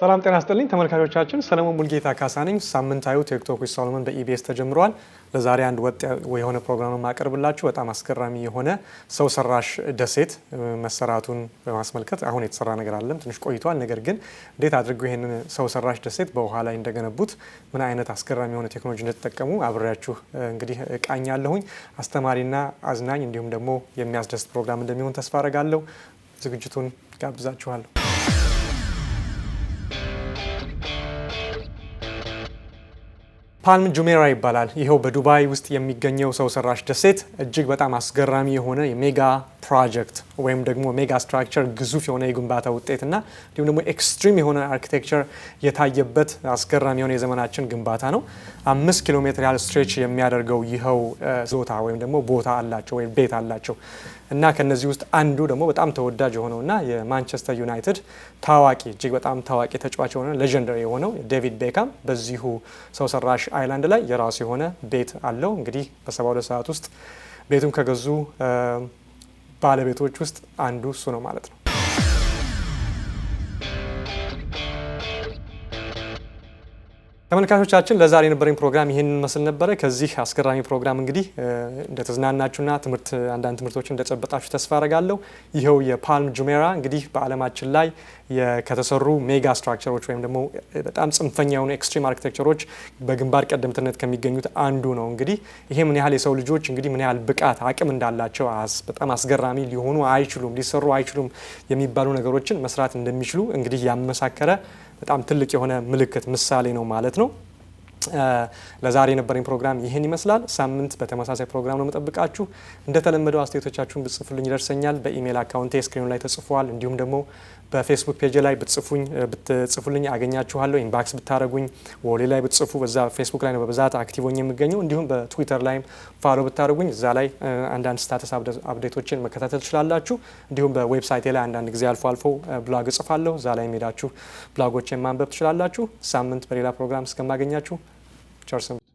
ሰላም ጤና ስጥልኝ ተመልካቾቻችን፣ ሰለሞን ሙልጌታ ካሳ ነኝ። ሳምንታዊ ቴክቶክ ዊዝ ሶሎሞን በኢቢኤስ ተጀምሯል። ለዛሬ አንድ ወጥ የሆነ ፕሮግራም የማቀርብላችሁ በጣም አስገራሚ የሆነ ሰው ሰራሽ ደሴት መሰራቱን በማስመልከት አሁን የተሰራ ነገር አለም ትንሽ ቆይቷል። ነገር ግን እንዴት አድርገው ይህንን ሰው ሰራሽ ደሴት በውሃ ላይ እንደገነቡት ምን አይነት አስገራሚ የሆነ ቴክኖሎጂ እንደተጠቀሙ አብሬያችሁ እንግዲህ እቃኛለሁኝ። አስተማሪና አዝናኝ እንዲሁም ደግሞ የሚያስደስት ፕሮግራም እንደሚሆን ተስፋ አረጋለሁ። ዝግጅቱን ጋብዛችኋለሁ። ፓልም ጁሜራ ይባላል። ይኸው በዱባይ ውስጥ የሚገኘው ሰው ሰራሽ ደሴት እጅግ በጣም አስገራሚ የሆነ የሜጋ ፕሮጀክት ወይም ደግሞ ሜጋ ስትራክቸር ግዙፍ የሆነ የግንባታ ውጤትና እንዲሁም ደግሞ ኤክስትሪም የሆነ አርኪቴክቸር የታየበት አስገራሚ የሆነ የዘመናችን ግንባታ ነው። አምስት ኪሎ ሜትር ያህል ስትሬች የሚያደርገው ይኸው ዞታ ወይም ደግሞ ቦታ አላቸው ወይም ቤት አላቸው እና ከነዚህ ውስጥ አንዱ ደግሞ በጣም ተወዳጅ የሆነውና የማንቸስተር ዩናይትድ ታዋቂ እጅግ በጣም ታዋቂ ተጫዋች የሆነ ሌጀንደሪ የሆነው ዴቪድ ቤካም በዚሁ ሰው ሰራሽ አይላንድ ላይ የራሱ የሆነ ቤት አለው። እንግዲህ በሰባ ሁለት ሰዓት ውስጥ ቤቱን ከገዙ ባለቤቶች ውስጥ አንዱ እሱ ነው ማለት ነው። ተመልካቾቻችን ለዛሬ የነበረኝ ፕሮግራም ይህን መስል ነበረ። ከዚህ አስገራሚ ፕሮግራም እንግዲህ እንደተዝናናችሁና ትምህርት አንዳንድ ትምህርቶችን እንደጨበጣችሁ ተስፋ አረጋለሁ። ይኸው የፓልም ጁሜራ እንግዲህ በዓለማችን ላይ ከተሰሩ ሜጋ ስትራክቸሮች ወይም ደግሞ በጣም ጽንፈኛ የሆኑ ኤክስትሪም አርኪቴክቸሮች በግንባር ቀደምትነት ከሚገኙት አንዱ ነው። እንግዲህ ይሄ ምን ያህል የሰው ልጆች እንግዲህ ምን ያህል ብቃት አቅም እንዳላቸው በጣም አስገራሚ ሊሆኑ አይችሉም ሊሰሩ አይችሉም የሚባሉ ነገሮችን መስራት እንደሚችሉ እንግዲህ ያመሳከረ በጣም ትልቅ የሆነ ምልክት ምሳሌ ነው ማለት ነው። ለዛሬ የነበረኝ ፕሮግራም ይህን ይመስላል። ሳምንት በተመሳሳይ ፕሮግራም ነው መጠብቃችሁ። እንደተለመደው አስተያየቶቻችሁን ብጽፉልኝ ይደርሰኛል። በኢሜይል አካውንቴ ስክሪኑ ላይ ተጽፏል። እንዲሁም ደግሞ በፌስቡክ ፔጅ ላይ ብትጽፉኝ ብትጽፉልኝ አገኛችኋለሁ። ኢንባክስ ብታደረጉኝ ወሌ ላይ ብትጽፉ በዛ ፌስቡክ ላይ ነው በብዛት አክቲቭ ሆኜ የምገኘው። እንዲሁም በትዊተር ላይም ፋሎ ብታደረጉኝ እዛ ላይ አንዳንድ ስታተስ አፕዴቶችን መከታተል ትችላላችሁ። እንዲሁም በዌብሳይቴ ላይ አንዳንድ ጊዜ አልፎ አልፎ ብሎግ እጽፋለሁ። እዛ ላይ ሄዳችሁ ብሎጎችን ማንበብ ትችላላችሁ። ሳምንት በሌላ ፕሮግራም እስከማገኛችሁ ቸርስም